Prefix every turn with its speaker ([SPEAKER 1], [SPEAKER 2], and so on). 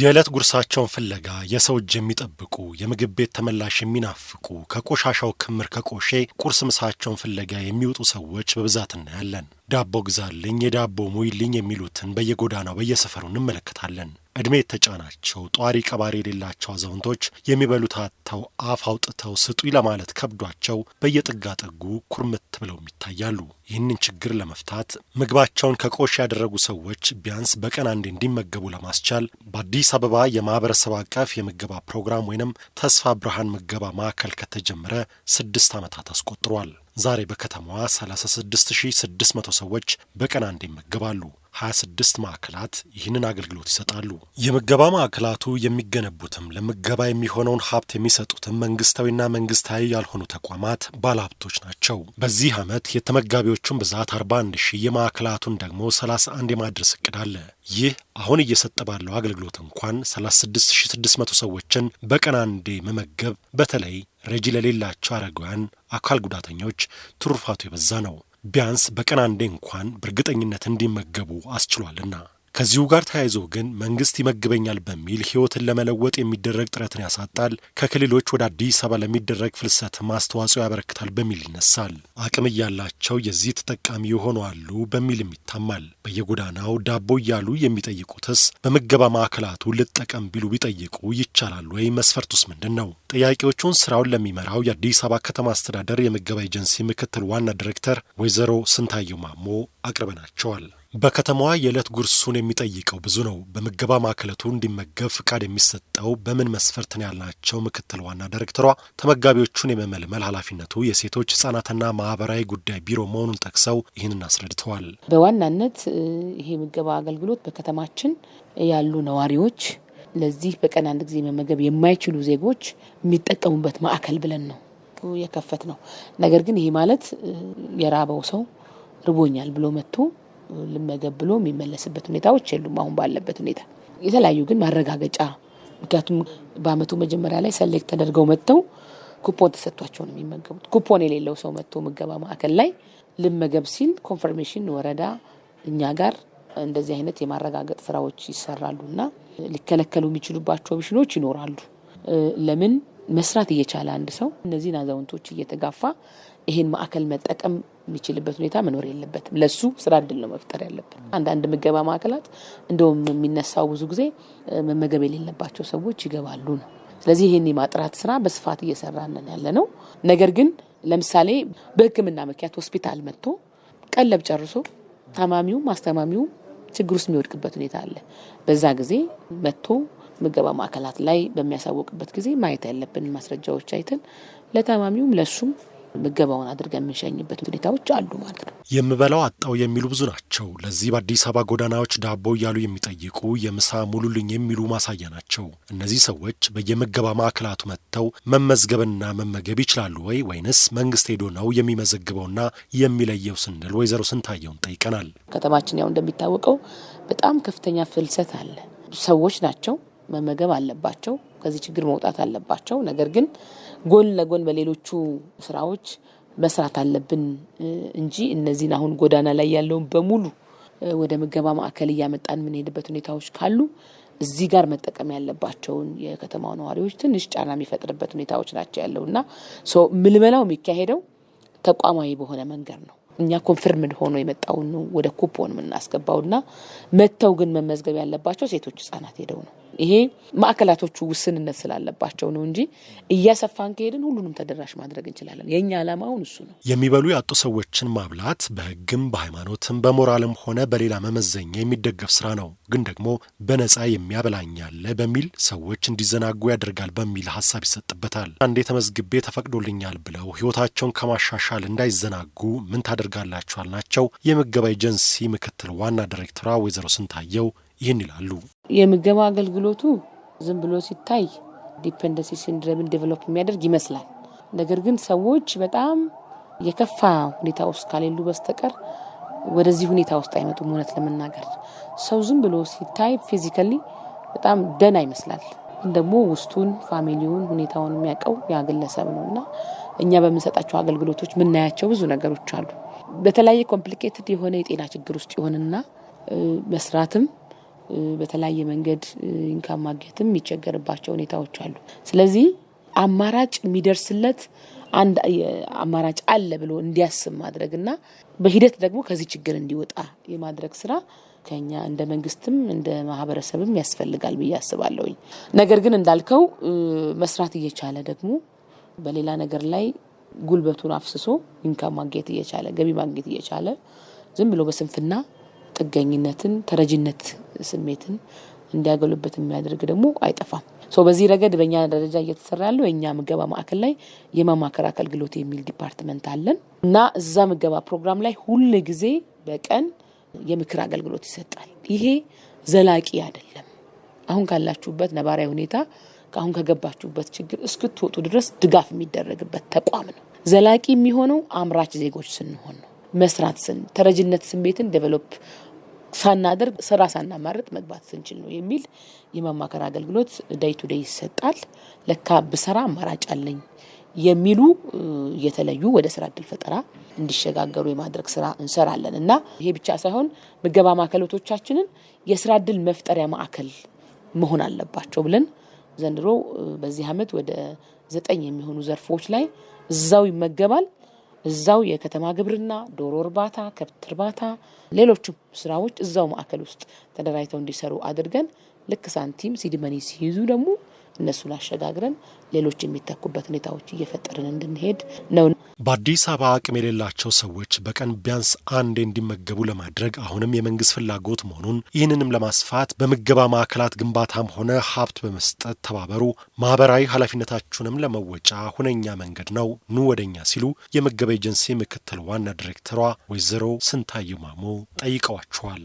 [SPEAKER 1] የዕለት ጉርሳቸውን ፍለጋ የሰው እጅ የሚጠብቁ የምግብ ቤት ተመላሽ የሚናፍቁ ከቆሻሻው ክምር ከቆሼ ቁርስ ምሳቸውን ፍለጋ የሚወጡ ሰዎች በብዛት እናያለን። ዳቦ ግዛልኝ፣ የዳቦ ሙይልኝ የሚሉትን በየጎዳናው በየሰፈሩ እንመለከታለን። እድሜ የተጫናቸው ጧሪ ቀባሪ የሌላቸው አዛውንቶች የሚበሉት አጥተው አፍ አውጥተው ስጡ ለማለት ከብዷቸው በየጥጋ ጥጉ ኩርምት ብለው ይታያሉ። ይህንን ችግር ለመፍታት ምግባቸውን ከቆሽ ያደረጉ ሰዎች ቢያንስ በቀን አንዴ እንዲመገቡ ለማስቻል በአዲስ አበባ የማህበረሰብ አቀፍ የምገባ ፕሮግራም ወይንም ተስፋ ብርሃን ምገባ ማዕከል ከተጀመረ ስድስት ዓመታት አስቆጥሯል። ዛሬ በከተማዋ 36600 ሰዎች በቀን አንዴ ይመገባሉ። 26 ማዕከላት ይህንን አገልግሎት ይሰጣሉ። የምገባ ማዕከላቱ የሚገነቡትም ለምገባ የሚሆነውን ሀብት የሚሰጡትም መንግስታዊና መንግስታዊ ያልሆኑ ተቋማት ባለሀብቶች ናቸው። በዚህ ዓመት የተመጋቢዎቹን ብዛት 41 ሺህ የማዕከላቱን ደግሞ 31 የማድረስ እቅድ አለ። ይህ አሁን እየሰጠ ባለው አገልግሎት እንኳን 36600 ሰዎችን በቀን አንዴ መመገብ በተለይ ረጂ ለሌላቸው አረጋውያን፣ አካል ጉዳተኞች ትሩፋቱ የበዛ ነው። ቢያንስ በቀን አንዴ እንኳን በእርግጠኝነት እንዲመገቡ አስችሏልና ከዚሁ ጋር ተያይዞ ግን መንግስት ይመግበኛል በሚል ህይወትን ለመለወጥ የሚደረግ ጥረትን ያሳጣል፣ ከክልሎች ወደ አዲስ አበባ ለሚደረግ ፍልሰት ማስተዋጽኦ ያበረክታል በሚል ይነሳል። አቅም እያላቸው የዚህ ተጠቃሚ የሆኑ አሉ በሚልም ይታማል። በየጎዳናው ዳቦ እያሉ የሚጠይቁትስ በምገባ ማዕከላቱ ልጠቀም ቢሉ ቢጠይቁ ይቻላል ወይ? መስፈርቱስ ምንድን ነው? ጥያቄዎቹን ስራውን ለሚመራው የአዲስ አበባ ከተማ አስተዳደር የምገባ ኤጀንሲ ምክትል ዋና ዲሬክተር ወይዘሮ ስንታየው ማሞ አቅርበናቸዋል። በከተማዋ የዕለት ጉርሱን የሚጠይቀው ብዙ ነው። በምገባ ማዕከለቱ እንዲመገብ ፍቃድ የሚሰጠው በምን መስፈርት ነው ያልናቸው ምክትል ዋና ዳይሬክተሯ ተመጋቢዎቹን የመመልመል ኃላፊነቱ የሴቶች ሕጻናትና ማህበራዊ ጉዳይ ቢሮ መሆኑን ጠቅሰው ይህንን አስረድተዋል።
[SPEAKER 2] በዋናነት ይሄ ምገባ አገልግሎት በከተማችን ያሉ ነዋሪዎች ለዚህ በቀን አንድ ጊዜ መመገብ የማይችሉ ዜጎች የሚጠቀሙበት ማዕከል ብለን ነው የከፈት ነው። ነገር ግን ይሄ ማለት የራበው ሰው ርቦኛል ብሎ መጥቶ ልመገብ ብሎ የሚመለስበት ሁኔታዎች የሉም። አሁን ባለበት ሁኔታ የተለያዩ ግን ማረጋገጫ ምክንያቱም በአመቱ መጀመሪያ ላይ ሰሌክት ተደርገው መጥተው ኩፖን ተሰጥቷቸው ነው የሚመገቡት። ኩፖን የሌለው ሰው መጥቶ ምገባ ማዕከል ላይ ልመገብ ሲል ኮንፈርሜሽን ወረዳ እኛ ጋር እንደዚህ አይነት የማረጋገጥ ስራዎች ይሰራሉ እና ሊከለከሉ የሚችሉባቸው ኦፕሽኖች ይኖራሉ። ለምን መስራት እየቻለ አንድ ሰው እነዚህን አዛውንቶች እየተጋፋ ይሄን ማዕከል መጠቀም የሚችልበት ሁኔታ መኖር የለበትም። ለሱ ስራ እድል ነው መፍጠር ያለብን። አንዳንድ ምገባ ማዕከላት እንደውም የሚነሳው ብዙ ጊዜ መመገብ የሌለባቸው ሰዎች ይገባሉ ነው። ስለዚህ ይህን የማጥራት ስራ በስፋት እየሰራንን ያለ ነው። ነገር ግን ለምሳሌ በሕክምና ምክንያት ሆስፒታል መጥቶ ቀለብ ጨርሶ ታማሚውም አስተማሚውም ችግር ውስጥ የሚወድቅበት ሁኔታ አለ። በዛ ጊዜ መጥቶ ምገባ ማዕከላት ላይ በሚያሳወቅበት ጊዜ ማየት ያለብን ማስረጃዎች አይተን ለታማሚውም ለሱም ምገባውን አድርገ የምንሸኝበት ሁኔታዎች አሉ ማለት ነው።
[SPEAKER 1] የምበላው አጣው የሚሉ ብዙ ናቸው። ለዚህ በአዲስ አበባ ጎዳናዎች ዳቦ እያሉ የሚጠይቁ የምሳ ሙሉልኝ የሚሉ ማሳያ ናቸው። እነዚህ ሰዎች በየምገባ ማዕከላቱ መጥተው መመዝገብና መመገብ ይችላሉ ወይ ወይንስ መንግስት ሄዶ ነው የሚመዘግበውና የሚለየው ስንል ወይዘሮ ስንታየውን ጠይቀናል።
[SPEAKER 2] ከተማችን ያው እንደሚታወቀው በጣም ከፍተኛ ፍልሰት አለ። ሰዎች ናቸው መመገብ አለባቸው። ከዚህ ችግር መውጣት አለባቸው። ነገር ግን ጎን ለጎን በሌሎቹ ስራዎች መስራት አለብን እንጂ እነዚህን አሁን ጎዳና ላይ ያለውን በሙሉ ወደ ምገባ ማዕከል እያመጣን የምንሄድበት ሁኔታዎች ካሉ እዚህ ጋር መጠቀም ያለባቸውን የከተማው ነዋሪዎች ትንሽ ጫና የሚፈጥርበት ሁኔታዎች ናቸው ያለው እና ምልመላው የሚካሄደው ተቋማዊ በሆነ መንገድ ነው። እኛ ኮንፍርምድ ሆኖ የመጣውን ወደ ኩፖን የምናስገባውና መጥተው ግን መመዝገብ ያለባቸው ሴቶች፣ ህጻናት ሄደው ነው። ይሄ ማዕከላቶቹ ውስንነት ስላለባቸው ነው እንጂ እያሰፋን ከሄድን ሁሉንም ተደራሽ ማድረግ እንችላለን። የእኛ ዓላማ አሁን እሱ ነው።
[SPEAKER 1] የሚበሉ ያጡ ሰዎችን ማብላት በህግም በሃይማኖትም በሞራልም ሆነ በሌላ መመዘኛ የሚደገፍ ስራ ነው። ግን ደግሞ በነጻ የሚያበላኛለ በሚል ሰዎች እንዲዘናጉ ያደርጋል በሚል ሀሳብ ይሰጥበታል። አንዴ ተመዝግቤ ተፈቅዶልኛል ብለው ህይወታቸውን ከማሻሻል እንዳይዘናጉ ምን ታደርጋላችኋል ናቸው የምገባ ኤጀንሲ ምክትል ዋና ዳይሬክተሯ ወይዘሮ ስንታየው ይህን ይላሉ።
[SPEAKER 2] የምገባ አገልግሎቱ ዝም ብሎ ሲታይ ዲፐንደንሲ ሲንድረምን ዴቨሎፕ የሚያደርግ ይመስላል። ነገር ግን ሰዎች በጣም የከፋ ሁኔታ ውስጥ ካሌሉ በስተቀር ወደዚህ ሁኔታ ውስጥ አይመጡም። እውነት ለመናገር ሰው ዝም ብሎ ሲታይ ፊዚካሊ በጣም ደና ይመስላል። ደግሞ ውስጡን ፋሚሊውን ሁኔታውን የሚያውቀው ያ ግለሰብ ነው እና እኛ በምንሰጣቸው አገልግሎቶች የምናያቸው ብዙ ነገሮች አሉ። በተለያየ ኮምፕሊኬትድ የሆነ የጤና ችግር ውስጥ ይሆንና መስራትም በተለያየ መንገድ ኢንካም ማግኘትም የሚቸገርባቸው ሁኔታዎች አሉ። ስለዚህ አማራጭ የሚደርስለት አንድ አማራጭ አለ ብሎ እንዲያስብ ማድረግና በሂደት ደግሞ ከዚህ ችግር እንዲወጣ የማድረግ ስራ ከኛ እንደ መንግስትም እንደ ማህበረሰብም ያስፈልጋል ብዬ አስባለሁኝ። ነገር ግን እንዳልከው መስራት እየቻለ ደግሞ በሌላ ነገር ላይ ጉልበቱን አፍስሶ ኢንካም ማግኘት እየቻለ ገቢ ማግኘት እየቻለ ዝም ብሎ በስንፍና ጥገኝነትን፣ ተረጅነት ስሜትን እንዲያገሉበት የሚያደርግ ደግሞ አይጠፋም። በዚህ ረገድ በእኛ ደረጃ እየተሰራ ያለው የእኛ ምገባ ማዕከል ላይ የመማከር አገልግሎት የሚል ዲፓርትመንት አለን እና እዛ ምገባ ፕሮግራም ላይ ሁል ጊዜ በቀን የምክር አገልግሎት ይሰጣል። ይሄ ዘላቂ አይደለም። አሁን ካላችሁበት ነባራዊ ሁኔታ ከአሁን ከገባችሁበት ችግር እስክትወጡ ድረስ ድጋፍ የሚደረግበት ተቋም ነው። ዘላቂ የሚሆነው አምራች ዜጎች ስንሆን ነው። መስራት ስን ተረጅነት ስሜትን ዴቨሎፕ ሳናደርግ ስራ ሳናማረጥ መግባት ስንችል ነው የሚል የማማከር አገልግሎት ደይ ቱ ደይ ይሰጣል። ለካ ብሰራ አማራጭ አለኝ የሚሉ የተለዩ ወደ ስራ እድል ፈጠራ እንዲሸጋገሩ የማድረግ ስራ እንሰራለን እና ይሄ ብቻ ሳይሆን ምገባ ማዕከሎቶቻችንን የስራ እድል መፍጠሪያ ማዕከል መሆን አለባቸው ብለን ዘንድሮ በዚህ አመት ወደ ዘጠኝ የሚሆኑ ዘርፎች ላይ እዛው ይመገባል። እዛው የከተማ ግብርና፣ ዶሮ እርባታ፣ ከብት እርባታ፣ ሌሎችም ስራዎች እዛው ማዕከል ውስጥ ተደራጅተው እንዲሰሩ አድርገን ልክ ሳንቲም ሲድመኒ ሲይዙ ደግሞ እነሱን አሸጋግረን ሌሎች የሚተኩበት ሁኔታዎች እየፈጠርን እንድንሄድ
[SPEAKER 1] ነው። በአዲስ አበባ አቅም የሌላቸው ሰዎች በቀን ቢያንስ አንዴ እንዲመገቡ ለማድረግ አሁንም የመንግስት ፍላጎት መሆኑን ይህንንም ለማስፋት በምገባ ማዕከላት ግንባታም ሆነ ሀብት በመስጠት ተባበሩ፣ ማህበራዊ ኃላፊነታችሁንም ለመወጫ ሁነኛ መንገድ ነው፣ ኑ ወደኛ ሲሉ የምገባ ኤጀንሲ ምክትል ዋና ዲሬክተሯ ወይዘሮ ስንታየው ማሞ ጠይቀዋቸዋል።